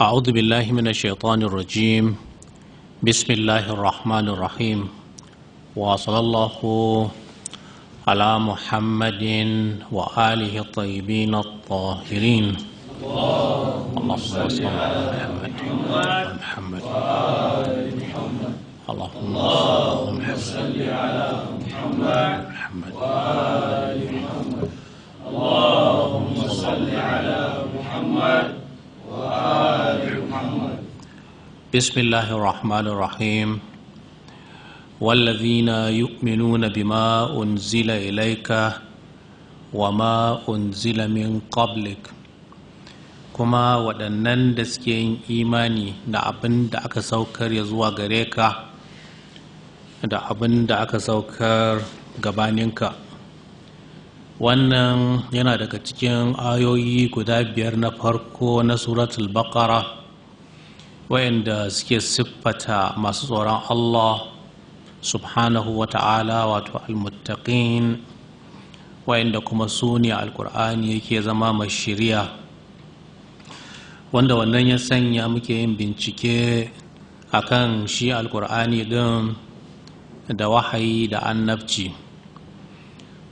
أعوذ بالله من الشيطان الرجيم بسم الله الرحمن الرحيم وصلى الله على محمد وآله الطيبين الطاهرين اللهم صل على محمد وآل محمد اللهم صل على محمد محمد وآل محمد اللهم صل على محمد بسم الله الرحمن الرحيم والذين يؤمنون بما أنزل إليك وما أنزل من قبلك kuma waɗannan da suke yin imani da abinda aka saukar ya zuwa gare da abin da aka saukar gabaninka wannan yana daga cikin ayoyi guda biyar na farko na suratul baqara wayanda suke siffata masu tsoron Allah subhanahu wa ta'ala wato almuttaqin wa'inda kuma su ne alkur'ani yake zama mai shirya wanda wannan ya sanya muke yin bincike akan shi alkur'ani din da wahayi da annabci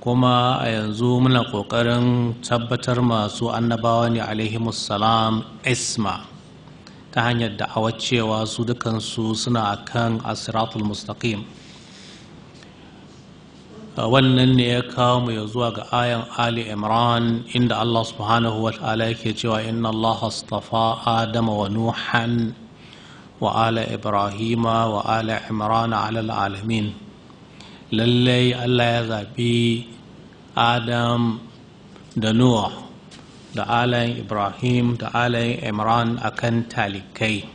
kuma a yanzu muna ƙoƙarin tabbatar masu annabawa ne alaihimussalam isma ta hanyar da'awar cewa su dukansu suna kan asiratul mustaqim wannan ne ya kawo mu ya zuwa ga ayan ali imran inda allah subhanahu wa ta'ala yake cewa inna allah astafa adama wa nuhan wa ala ibrahima wa ala imran ala alamin lallai allah ya zaɓi adam da noah da alayin ibrahim da alayin imran a kan talikai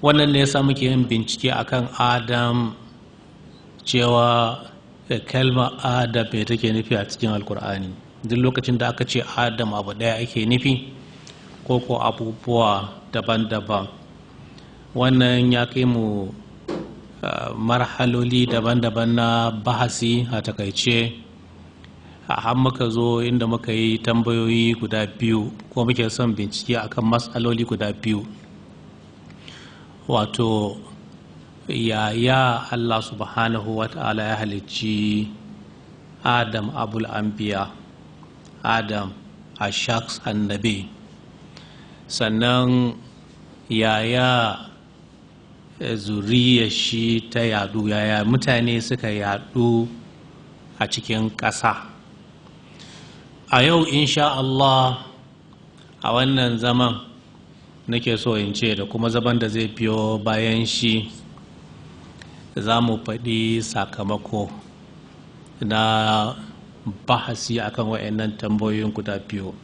wannan ne ya yasa muke yin bincike a kan adam cewa kalmar adam mai take nufi a cikin alkur'ani duk lokacin da aka ce adam abu ɗaya ake nufi ko ko abubuwa daban-daban wannan ya kai mu Uh, marhaloli daban-daban na bahasi a takaice har muka zo inda muka yi tambayoyi guda biyu ko muke son bincike akan matsaloli guda biyu wato yaya allah subhanahu wa ta'ala ya halicci adam abul anbiya adam a shaks annabi sannan yaya Eh, zuriyar shi ta yadu yaya mutane suka yadu a cikin ƙasa a yau insha Allah a wannan zaman nake so in ce da kuma zaman da zai biyo bayan shi za mu faɗi sakamako na bahasi akan wa'annan tambayoyin guda biyu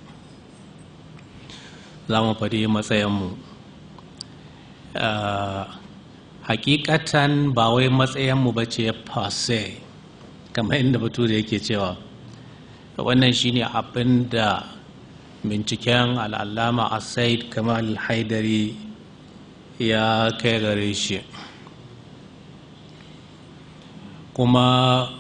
za mu faɗi matsayinmu eh, hakikatan ba wai matsayinmu ba ce passe kamar inda da yake cewa wannan shine abin da binciken al'allama asaid kamal haidari ya kai gare shi kuma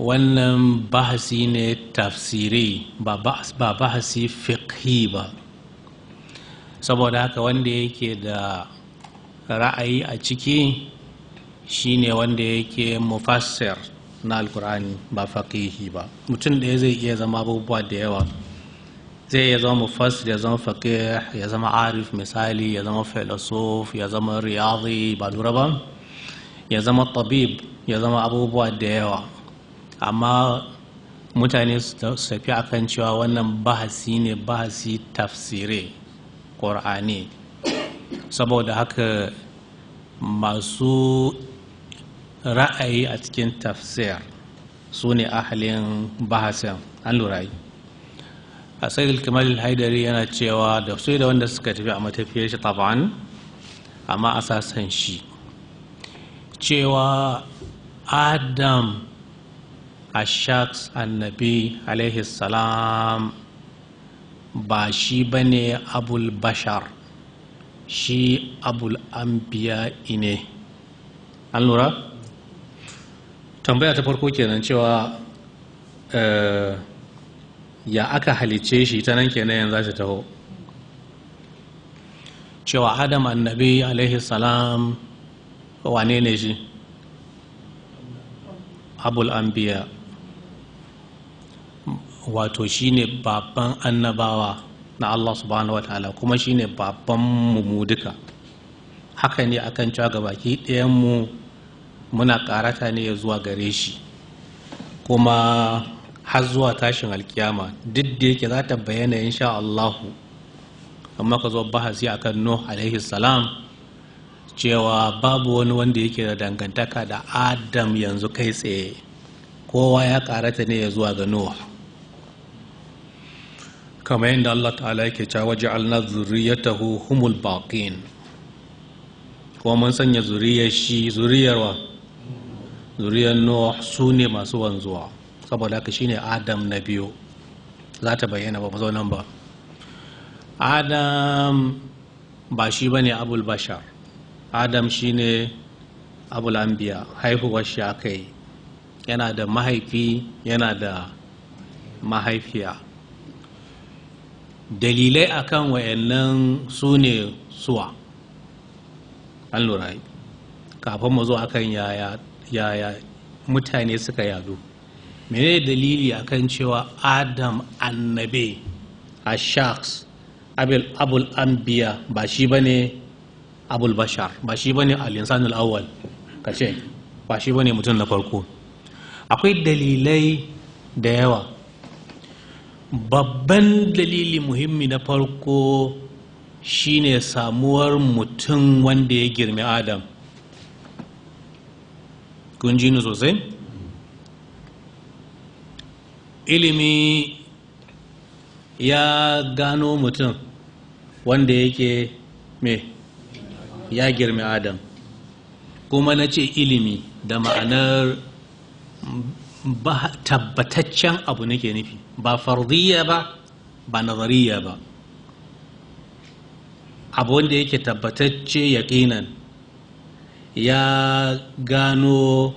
wannan bahasi ne tafsiri ba bahasi fiqhi ba saboda haka wanda yake da ra'ayi a ciki shine wanda yake mufassir na alkur'ani ba faƙihi ba mutum ɗaya zai iya zama abubuwa da yawa zai iya zama mufassir ya zama faƙih ya zama arif misali ya zama filosof ya zama riyazi ba lura ba ya zama tabib ya zama abubuwa da yawa amma mutane su tafi akan cewa wannan bahasi ne bahasi tafsire ƙur'ani saboda haka masu ra'ayi a cikin tafsir su ne ahalin bahasin an lura yi a sayil kamal haidari yana cewa da su da wanda suka tafi a matafiyar shi taban amma a asasan shi cewa adam a shaks annabi alaihi salam ba shi bane abul bashar shi abul ambiya ne an lura tambaya ta farko kenan cewa eh, ya aka halice shi ta nan kenan yanzu ta taho cewa adam annabi alaihi salam wane ne shi abul ambiya wato ne babban annabawa na Allah subhanahu wa ta'ala kuma shine baban mu mu duka haka ne akan cewa ga baki ɗayan mu muna karata ne ya zuwa gare shi kuma har zuwa tashin alkiyama duk da yake za ta bayyana insha Allah amma ka zo bahasi akan Nuh alaihi salam cewa babu wani wanda yake da dangantaka da adam yanzu kai tsaye kowa ya karata ne ya zuwa ga nuh kamar yadda Allah ta'ala yake cewa ja'alna zurriyatahu humul baqin kuma mun sanya zuriyar shi zuriyar wa zuriyar Nuh su ne masu wanzuwa saboda haka shine Adam na biyu za ta bayyana ba nan ba Adam ba shi bane abul bashar Adam shine abul anbiya haihuwar shi akai kai, yana da mahaifi yana da mahaifiya dalilai akan wayannan su ne suwa an lura kafin mu zo kan yaya mutane suka yadu mene dalili kan cewa adam annabe a shaks abul anbiya ba shi ba ne abul bashar ba shi ba ne al-insanul ka ce ba shi ba ne mutum na farko akwai dalilai da yawa babban dalili muhimmi na farko shine samuwar mutum wanda ya girme adam kun ni sosai ilimi ya gano mutum wanda yake me ya girmi adam kuma na ce ilimi da ma'anar tabbataccen abu nake nufi ba farziya ba ba nazariya ba abu wanda yake tabbatacce yaƙinan ya gano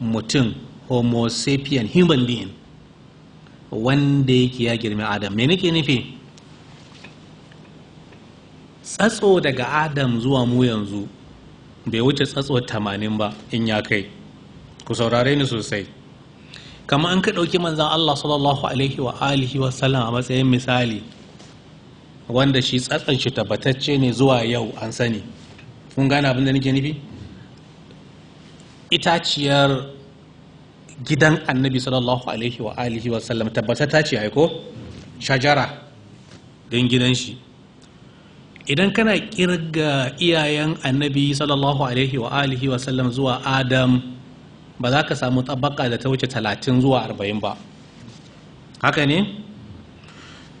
mutum homo sapien human being wanda yake ya girma adam me nake nufi tsatso daga adam zuwa mu yanzu bai wuce tsatso 80 ba in ya kai ku saurare ni sosai kamar an ka ɗauki manzan Allah sallallahu alaihi wa alihi wa sallam a matsayin misali wanda shi tsatsan shi tabbatacce ne zuwa yau an sani kun gane abin da nake nufi itaciyar gidan annabi sallallahu alaihi wa alihi wa sallam ta ce aiko shajara don gidan shi idan kana kirga iyayen annabi sallallahu alaihi wa alihi wa sallam zuwa adam ba za ka samu tabbaka da ta wuce talatin zuwa arba'in ba haka ne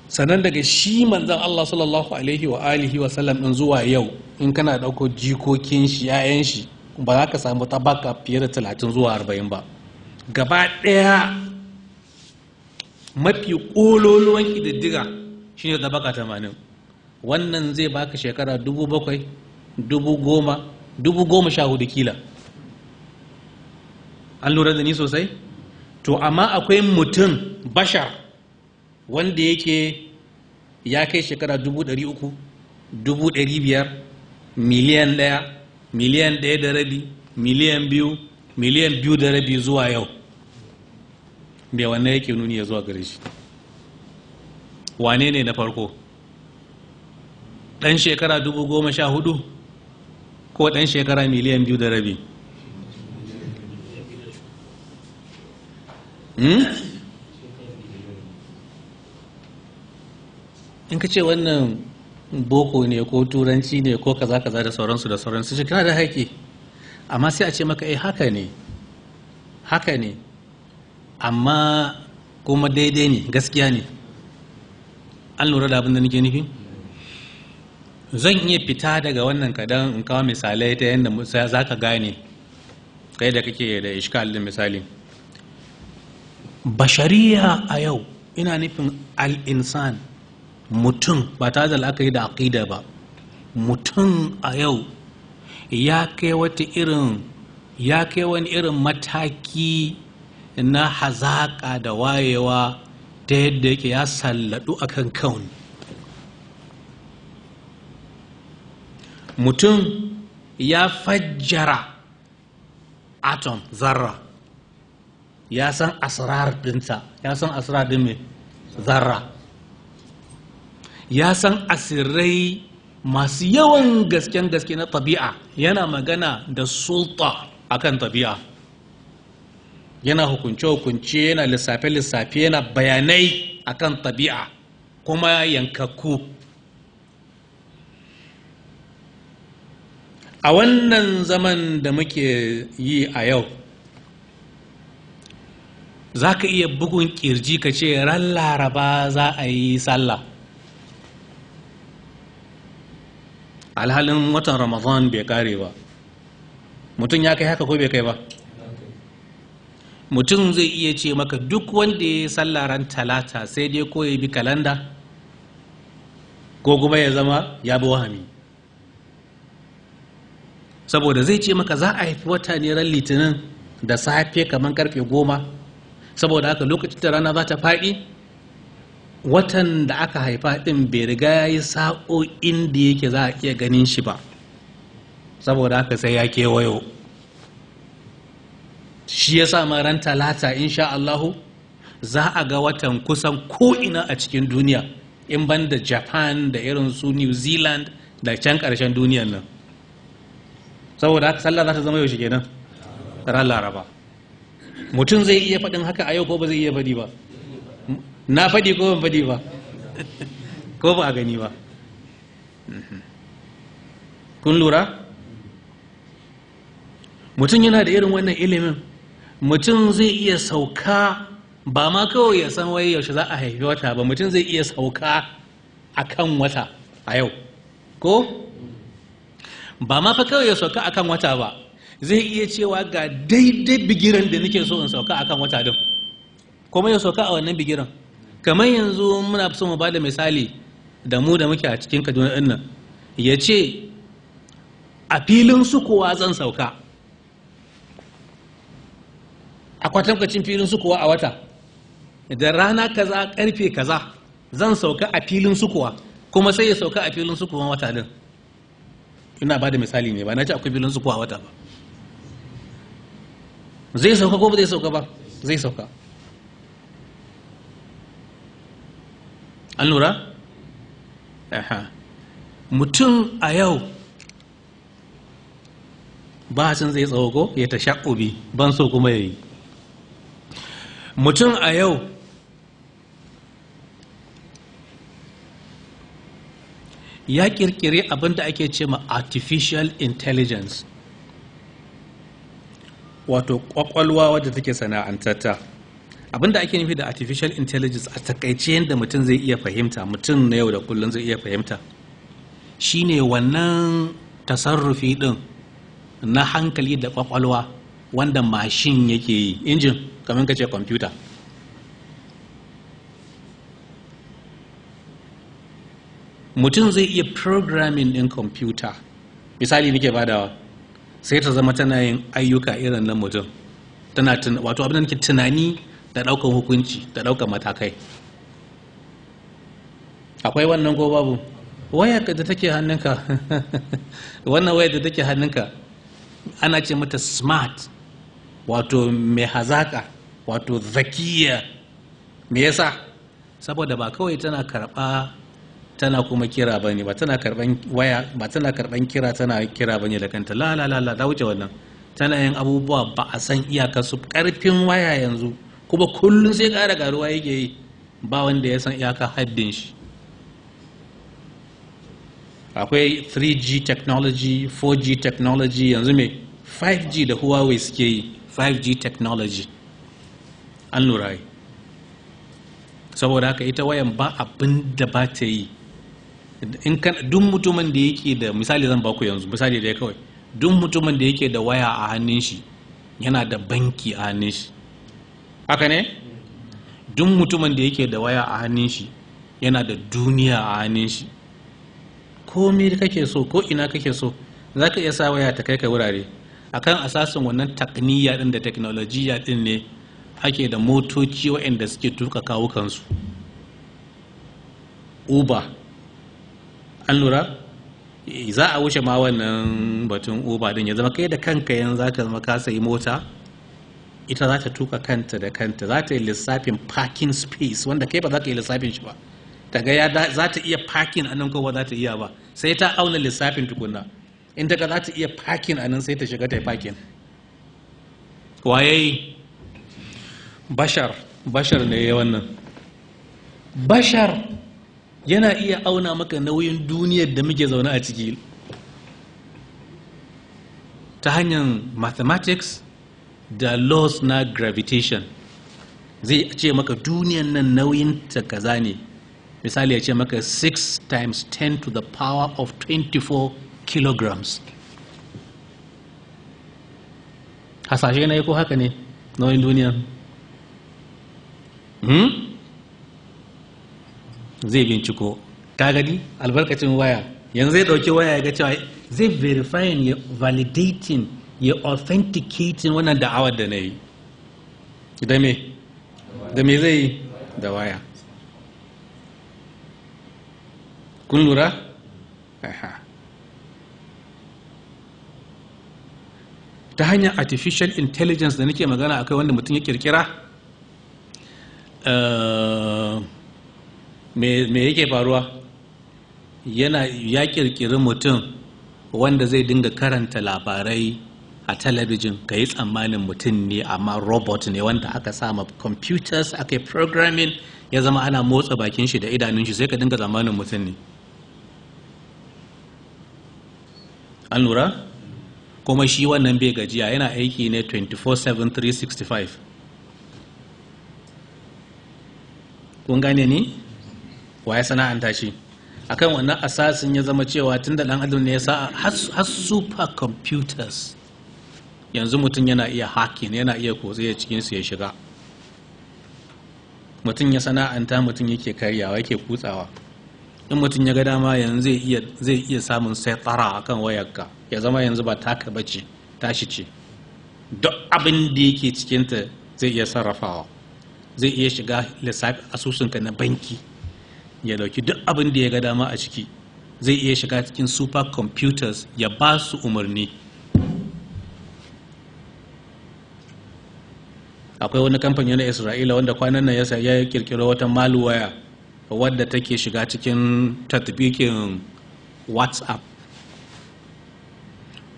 sannan daga shi manzan Allah sallallahu alaihi wa alihi wa sallam din zuwa yau in kana dauko jikokin shi yayan shi ba za ka samu tabbaka fiye da talatin zuwa arba'in ba gaba ɗaya mafi ƙololuwan ƙididdiga shine tabaka tamanin wannan zai baka shekara dubu bakwai dubu goma dubu goma sha hudu kila an lura da ni sosai to amma akwai mutum bashar wanda yake ya kai shekara dubu ɗari uku dubu ɗari biyar miliyan ɗaya miliyan ɗaya da rabi miliyan biyu miliyan biyu da rabi zuwa yau da wannan yake nuni ya zuwa gare shi wane ne na farko ɗan shekara dubu goma sha hudu ko ɗan shekara miliyan biyu da rabi Hmm? in ka ce wannan boko ne ko turanci ne ko kaza kaza da sauransu da sauransu shi kana da haƙƙi amma sai a ce maka eh haka ne haka ne amma kuma daidai ne gaskiya ne an lura da abin da nake nufi zan iya fita daga wannan kadan in kawo misalai ta yadda za ka gane kai da kake da ishkal da misali bashariya a yau ina nufin al'insan mutum ba ta aka yi da aƙida ba mutum a yau ya kai wata irin ya kai wani irin mataki na hazaƙa da wayewa ta yadda yake ya sallaɗu a kan kawun mutum ya fajjara atom zarra ya san asrar dinta ya san asrar din mai zarra ya san asirai masu yawan gasken gaske na tabi'a yana magana da sulta akan tabi'a yana hukunce-hukunce yana lissafe-lissafe yana bayanai akan tabi'a kuma yankakku a wannan zaman da muke yi a yau za ka iya bugun kirji ka ce ran laraba za a yi sallah alhalin watan ramadan bai kare ba mutum ya kai haka ko bai kai ba mutum zai iya ce maka duk wanda ya sallah ran talata sai dai ko ya bi kalanda ko kuma ya zama ya bi wahami saboda zai ce maka za a haifi wata ne ran litinin da safe kamar karfe goma saboda haka lokacin da rana za ta faɗi watan da aka haifa ɗin bai riga ya yi sa'o'in da yake za a iya ganin shi ba saboda haka sai ya kewayo shi ya sa ran talata insha Allahu za a ga watan kusan ko'ina a cikin duniya in ban da japan da irin su new zealand da can ƙarshen duniyan nan saboda haka sallah za ta zama yaushe kenan ran laraba mutum zai iya faɗin haka a yau ko ba zai iya faɗi ba na faɗi ko ban faɗi ba ko ba a gani ba kun lura mutum yana da irin wannan ilimin mutum zai iya sauka ba ma kawai ya san wai yaushe za a haifi wata ba mutum zai iya sauka a kan wata a yau ko ba ma fa kawai ya sauka a kan wata ba zai iya cewa ga daidai bigiran da nake so in sauka akan wata din kuma ya sauka a wannan bigiran kamar yanzu muna so mu bada misali da mu da muke a cikin kaduna din nan ya ce a filin sukuwa zan sauka a kwatankwacin filin sukuwa a wata da rana kaza karfe kaza zan sauka a filin sukuwa kuma sai ya sauka a filin sukuwan wata din ina bada misali ne ba na ce akwai filin sukuwa wata ba zai sauka ko ba zai sauka ba zai sauka an lura? aha mutum a yau ba bacin zai tsawo ko ya ta shaƙobi ban so kuma ya yi mutum a yau ya ƙirƙiri abinda ake ce ma artificial intelligence wato kwakwalwa wadda take sana'antarta abinda ake nufi da artificial intelligence a takaice yadda mutum zai iya fahimta mutum na yau da kullum zai iya fahimta shine wannan tasarrufi din na hankali da kwakwalwa wanda mashin yake yi injin kamar ka ce kwamfuta mutum zai iya programming din kwamfuta misali nake badawa sai ta zama tana yin ayyuka irin na mutum tana wato abin da nake tunani da ɗaukan hukunci da ɗaukan matakai akwai wannan ko babu waya da take hannunka wannan waya da take hannunka ana ce mata smart wato mai hazaka wato zakiya me yasa saboda ba kawai tana karɓa tana kuma kira ba ne ba tana karban kira tana kira ba ne da kanta la la ta wuce wannan tana yin abubuwa ba a san iyaka su karfin waya yanzu kuma kullum sai ƙara karuwa yake yi ba wanda ya san iyaka haddin shi akwai 3G technology 4G technology yanzu mai 5G da Huawei suke yi 5G technology an lura saboda haka ita wayan ba abin da ba ta yi in kan mutumin da yake da misali zan baku yanzu misali da ya kawai duk mutumin da yake da waya a hannun shi yana da banki a hannun shi haka ne duk mutumin da yake da waya a hannun shi yana da duniya a hannun shi ko da kake so ko ina kake so za ka iya sa waya ta kai ka wurare akan asasin wannan takniya din da teknolojiya din ne ake da motoci waɗanda suke tuka kawukansu uber an lura za a wuce ma wannan batun uba din ya zama kai da kanka yanzu za ka zama ka sayi mota ita za ta tuka kanta da kanta za ta yi lissafin parking space wanda kai ba za ka yi lissafin shi ba ta ga ya za ta iya parking a nan ko za ta iya ba sai ta auna lissafin tukuna in ta ga za ta iya parking a nan sai ta shiga ta yi parking waye bashar bashar ne ya wannan bashar yana iya auna maka nauyin duniyar da muke zaune a ciki ta hanyar mathematics da laws na gravitation zai ce maka duniyar nan nauyin ta kaza ne misali ya ce maka 6 times 10 to the power of 24 kilograms hasashe na yi ko haka ne nauyin duniyar hmm? zai binciko ka gani albarkacin waya yanzu zai dauki waya ya ga cewa zai verifying ya validating ya authenticating wannan da'awar da na yi da me zai da waya kun lura? ta hanyar artificial intelligence da nake magana akwai wanda mutum ya kirkira eh, me yake faruwa yana ya kirkiri mutum wanda zai dinga karanta labarai a talabijin ka yi tsammanin mutum ne amma robot ne wanda aka sama computers aka programming ya zama ana motsa bakin shi da idanun shi sai ka dinga tsammanin mutum ne an lura kuma shi wannan bai gajiya yana aiki ne 24/7 365 kun gane ni? wa ya sana'anta shi akan wannan asasin ya zama cewa tun da dan adam ne ya sa har super computers yanzu mutum yana iya hacking yana iya kotse ya cikin ya shiga mutum ya sana'anta mutum yake karyawa yake kutsawa in mutum ya ga dama yanzu zai iya samun sai tsara a kan wayarka ya zama yanzu ba taka bace tashi ce duk abin da yake cikinta zai iya sarrafawa zai iya shiga lissafi asusunka na banki ya dauki duk abin da ya ga dama a ciki zai iya shiga cikin super computers ya ba su umarni akwai wani kamfanin na isra'ila wanda kwanan nan ya kirkiro wata malware wadda take shiga cikin tatbikin whatsapp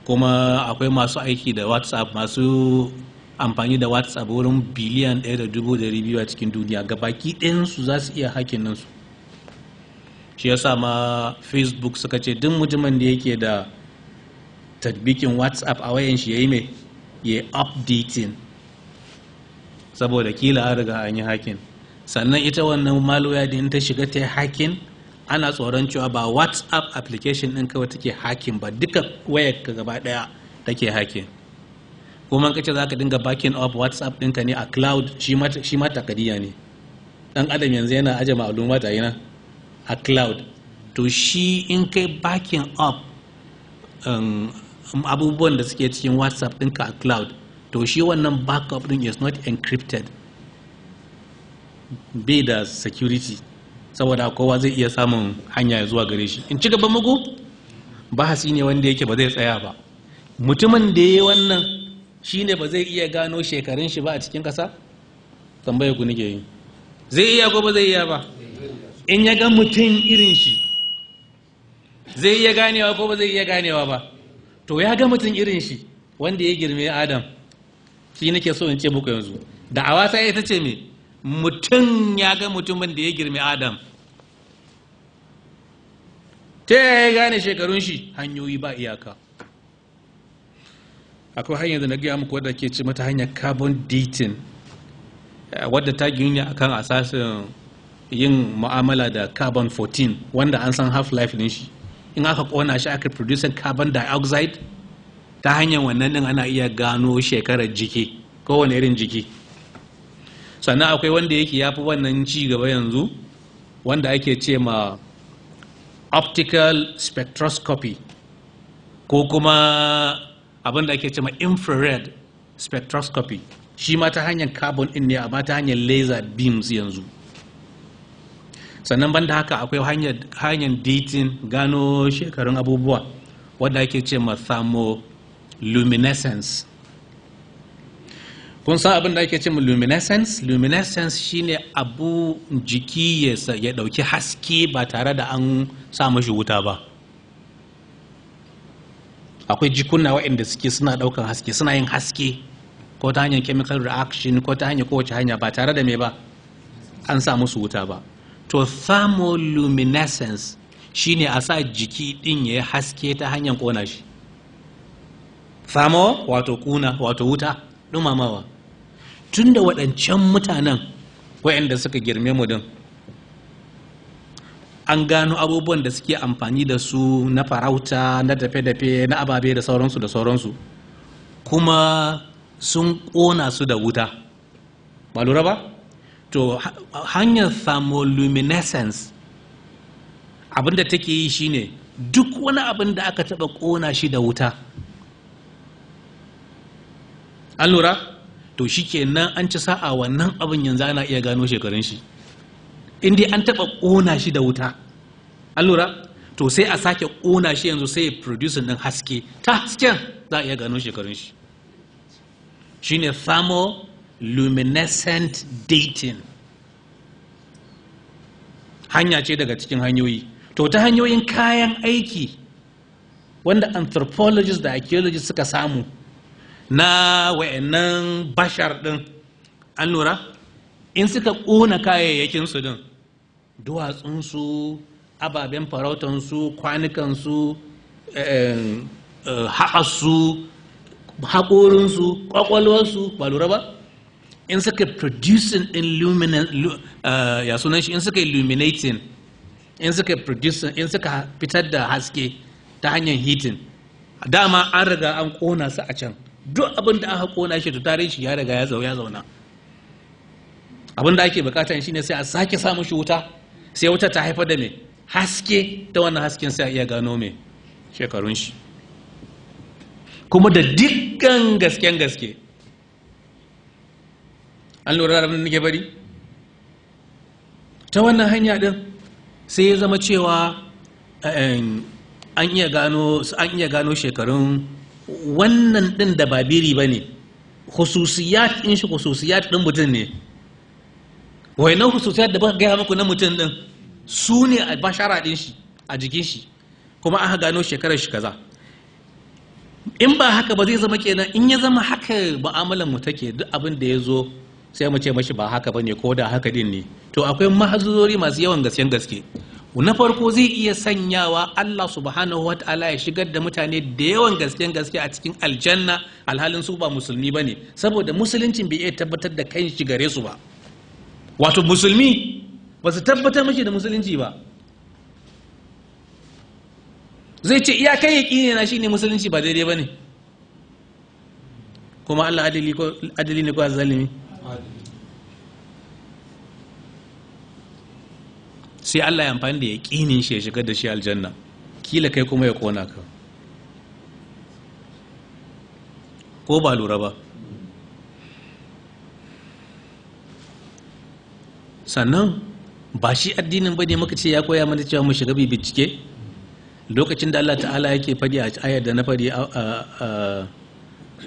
kuma akwai masu aiki da whatsapp masu amfani da whatsapp wurin biliyan 1.2 a cikin duniya ga baki ɗayansu za su iya hakin nan shi yasa ma facebook suka ce duk mutumin da yake da tadbikin whatsapp a wayan shi ya yi mai ya updating saboda kila an riga an yi hakin sannan ita wannan maluwa din ta shiga ta hakin ana tsoron cewa ba whatsapp application din kawai take hakin ba duka wayar ka gaba daya take hakin kuma kace za ka dinga backing up whatsapp ɗinka ne a cloud shi ma takadiyya ne dan adam yanzu yana aje ma'luma ta nan a cloud to shi in kai backing up um, abubuwan da suke cikin whatsapp ɗinka a cloud to shi wannan backup ɗin is not encrypted bai da security saboda kowa zai iya samun hanya zuwa gare shi in ci gaba mugu ba ne wanda yake ba zai tsaya ba mutumin da ya yi wannan shi ne ba zai iya gano shekarun shi ba a cikin kasa tambaya ku nake yi zai iya ko ba zai iya ba in ya ga mutum irin shi zai iya ganewa ko ba zai iya ganewa ba to ya ga mutum irin shi wanda ya girme adam shi nake so in ce muku yanzu da awa ta ita ce me mutum ya ga mutumin da ya girme adam ta yaya ya gane shekarun shi hanyoyi ba iyaka akwai hanyar da na gaya muku wadda ke ce mata hanyar carbon dating eh, wadda ta gini akan asasin yin mu'amala da carbon 14 wanda an san half life din shi in aka kona shi aka producer carbon dioxide ta hanyar wannan din ana iya gano shekarar jiki kowane irin jiki sannan akwai wanda yake yafi wannan ci gaba yanzu wanda ake ce ma optical spectroscopy ko kuma abin da ake ce ma infrared spectroscopy shi ma ta hanyar carbon din ne amma ta hanyar laser beams yanzu sannan ban da haka akwai hanyar ditin gano shekarun abubuwa wadda ake ce ma thermoluminescence kun san abin da ake ce ma luminescence luminescence shine abu jiki ya dauki haske ba tare da an sa mashi wuta ba akwai jikuna waɗanda suke suna ɗaukar haske suna yin haske ko ta hanyar chemical reaction ko ta hanyar kowace hanya ba tare da me ba an sa musu wuta ba to thermoluminescence shine a sa jiki din ya haske ta hanyar kona shi thermo wato kuna wato wuta dumamawa tun da waɗancan mutanen waɗanda suka girme mu din an gano abubuwan da suke amfani da su na farauta na dafe-dafe na ababe da sauransu da sauransu kuma sun ƙona su da wuta ba lura ba to hanyar thermoluminescence abinda take yi shine duk wani abin da aka taba kona shi da wuta an lura to nan an ci sa'a wannan abin yanzu ana iya gano shekarun shi in an taba kona shi da wuta an lura to sai a sake kona shi yanzu sai ya produce din haske ta hasken za a iya gano shekarun shi shine thermal luminescent dating hanya ce daga cikin hanyoyi to ta hanyoyin kayan aiki wanda anthropologists da archaeologists suka samu na wayannan bashar din an lura in suka ƙona su din duwatsunsu ababen farautansu kwanukansu su eh, eh, haƙorinsu ƙwaƙwalwarsu ba lura ba in suka producing in uh, ya sunan shi in suka illuminating in suka producing in suka fitar da haske ta hanyar heating dama an riga an kona su a can duk abin da aka kona shi to tarihi shi ya riga ya zauna abin da ake bukata shine sai a sake samu shi wuta sai wuta ta haifar da me haske ta wannan hasken sai a iya gano me shekarun shi kuma da dukkan gasken gaske an lura da abin bari ta wannan hanya din sai ya zama cewa eh, an iya gano an iya shekarun wannan din da ba biri ba ne khususiyat in shi khususiyat din mutum ne wayannan khususiyat da baka gaya muku na mutum din su ne a bashara din shi a jikin shi kuma aka gano shekarar shi kaza in ba haka ba zai zama kenan in ya zama haka mu'amalar mu take duk abin da ya zo sai mu ce mashi ba haka bane ko da haka din ne to akwai mahazurori masu yawan gaske gaske na farko zai iya sanyawa Allah subhanahu wata'ala ya shigar da mutane da yawan gasken gaske a cikin aljanna alhalin su ba musulmi bane saboda musuluncin bai iya tabbatar da kan shi gare su ba wato musulmi ba su tabbatar mashi da musulunci ba zai ce iyakan yaƙini na shine musulunci ba daidai ba ne. kuma Allah adali ne ko zalimi sai Allah ya amfani da kinin shi ya shiga da shi aljanna kila kai kuma ya kona ka ko ba lura ba sannan ba shi addinin ba ne muka ce ya koya mana cewa mu shiga bi bincike lokacin da Allah ta'ala yake fadi a ayar da na fadi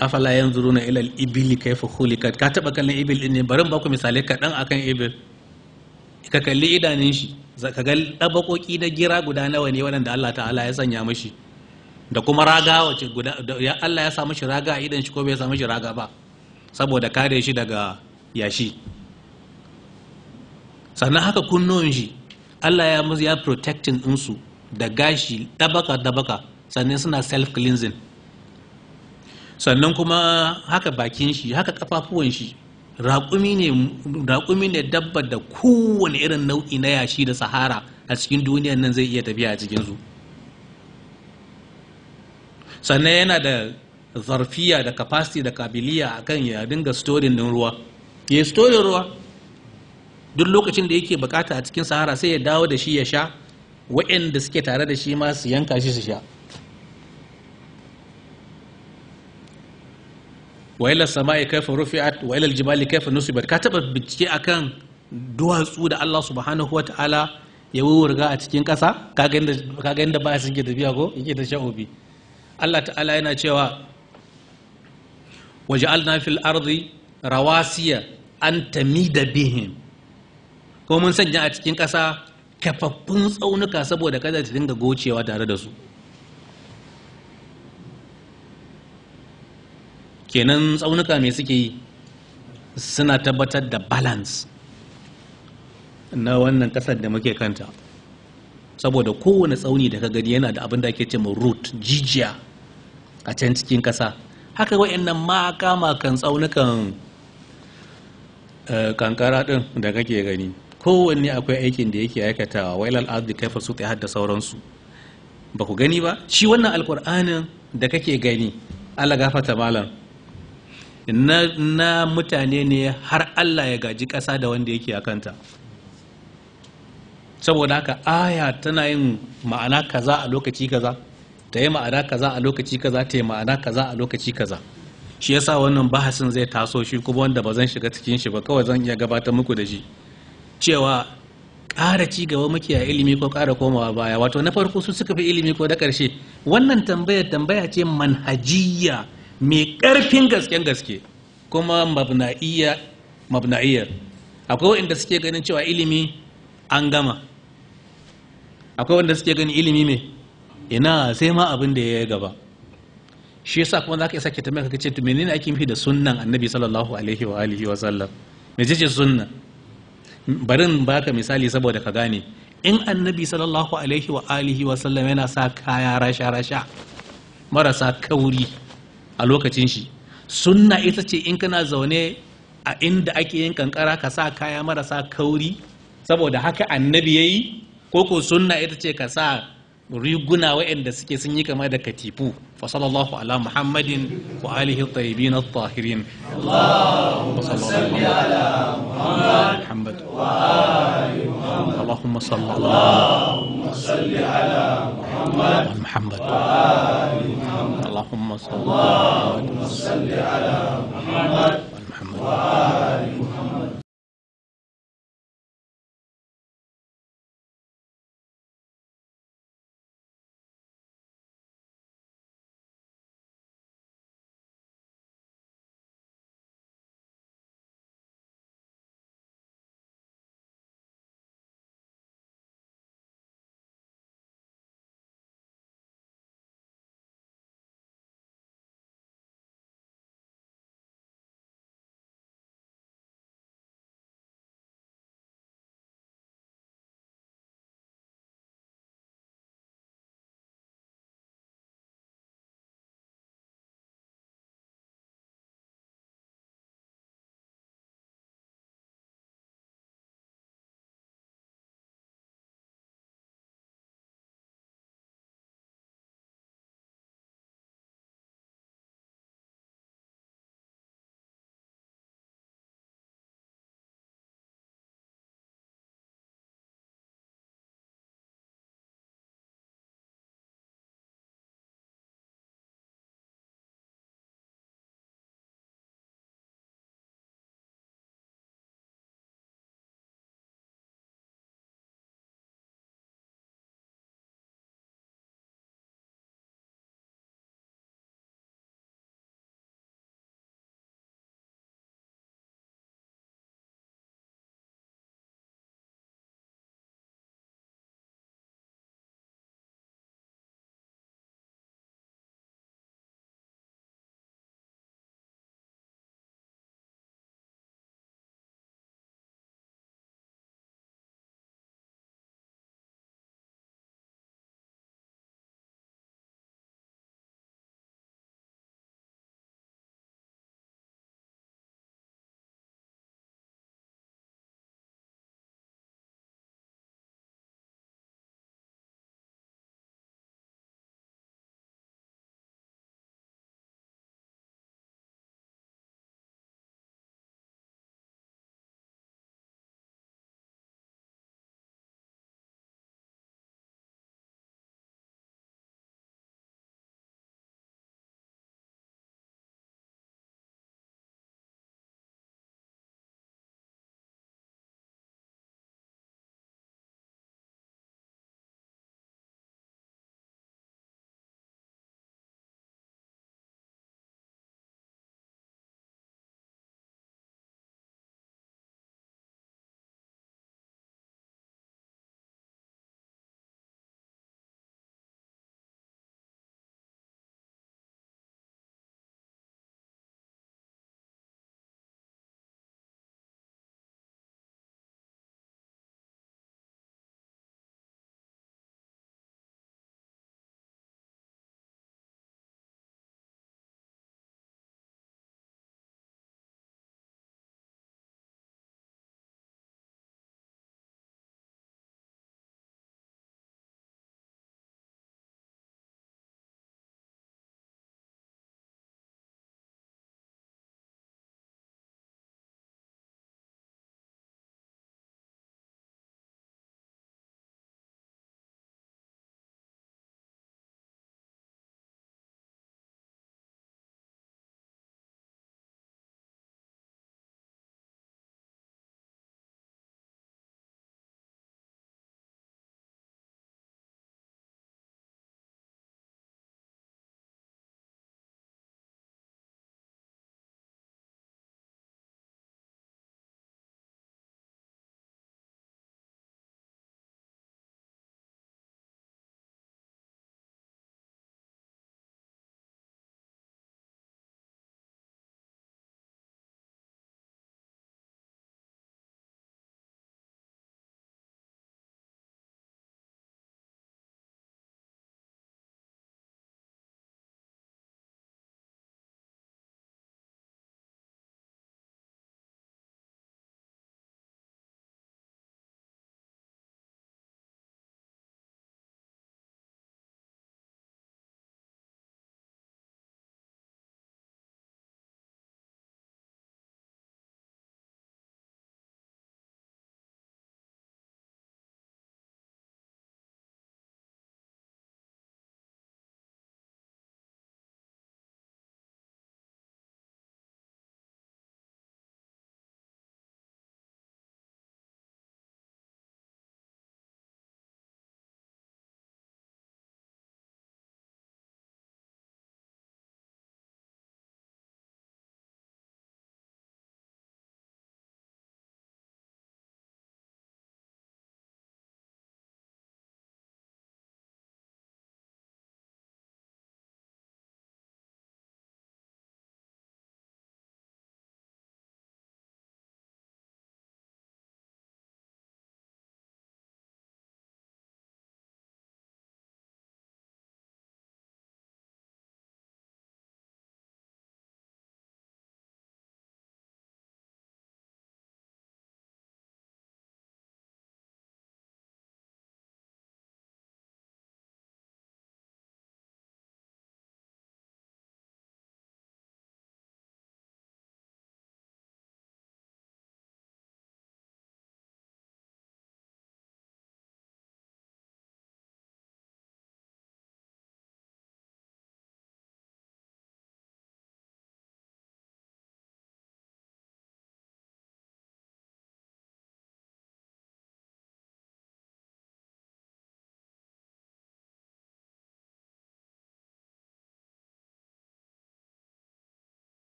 afala yanzuruna ila al-ibli kayfa khuliqat ka taba kallon ibil din ne barin ba misali kaɗan akan ibil ka kalli idanun shi ka ga da na gira guda nawa ne waɗanda Allah ta'ala ya sanya mashi da kuma raga wace guda Allah ya sa mashi raga a idan shi ko bai sa mashi raga ba saboda kare shi daga yashi sannan haka kunnuwan shi Allah ya musu ya protecting su da gashi ɗabaka ɗabaka sannan suna self cleansing sannan kuma haka bakin shi haka kafafuwan shi raƙumi ne dabba da kowane irin nau'i na yashi da sahara a cikin duniyan nan zai iya tafiya a cikinsu sannan yana da zarfiya da capacity da kabiliya akan ya dinga storin din ruwa ya yi storin ruwa duk lokacin da yake bukata a cikin sahara sai ya dawo da shi ya sha waɗanda suke tare da shi ma su yanka shi su sha wa ila sama'i kaifa rufi'at wa ila kaifa nusibat ka taba bincike akan duwatsu da Allah subhanahu wata'ala ya wuwurga a cikin ƙasa kaga inda ba a ba suke tafiya ko yake da sha'obi Allah ta'ala yana cewa waja'alna fil ardi rawasiya an tamida bihim ko mun sanya a cikin ƙasa kafaffun tsaunuka saboda kada ta dinga gocewa tare da su kenan tsaunuka mai suke yi suna tabbatar da balance na wannan kasar da muke kanta saboda kowane tsauni da ka gani yana da abin da ake ce root jijiya a can cikin kasa haka wa'annan maka makan tsaunukan eh, kankara din da kake gani kowanne akwai aikin da yake aikatawa wailal ardi kai fasu ta hadda sauransu ba ku gani ba shi wannan alkur'anin da kake gani Allah gafata malam na mutane ne har Allah ya gaji ƙasa da wanda yake a kanta saboda haka aya tana yin ma'ana kaza a lokaci kaza ta yi ma'ana kaza a lokaci kaza ta yi ma'ana kaza a lokaci kaza shi yasa wannan bahasin zai taso shi kuma wanda ba zan shiga cikin shi ba kawai zan iya gabatar muku da shi cewa ƙara ci gaba muke a ilimi ko ƙara komawa baya wato na farko su suka fi ilimi ko da ƙarshe wannan tambayar tambaya ce manhajiyya mai ƙarfin gasken gaske kuma mabna'iyar akwai waɗanda suke ganin cewa ilimi an gama akwai wanda suke ganin ilimi mai ina sai ma abin da ya gaba shi yasa kuma za ka isa ke tambaya ka ce to menene ake nufi da sunnan annabi sallallahu alaihi wa alihi wa sallam me ce sunna barin baka misali saboda ka gane in annabi sallallahu alaihi wa alihi wa sallam yana sa kaya rasha rasha marasa kauri a lokacin shi sunna ita ce in kana zaune a inda ake yin kankara ka sa kaya marasa kauri saboda haka annabi yayi ko ko sunna ita ce ka sa riguna waɗanda suke sun yi kama da katifu fa sallallahu ala muhammadin wa alihi tayyibin at-tahirin allahumma salli ala muhammad wa ali muhammad allahumma salli ala muhammad wa muhammad ali muhammad allahumma salli ala muhammad wa muhammad wa ali muhammad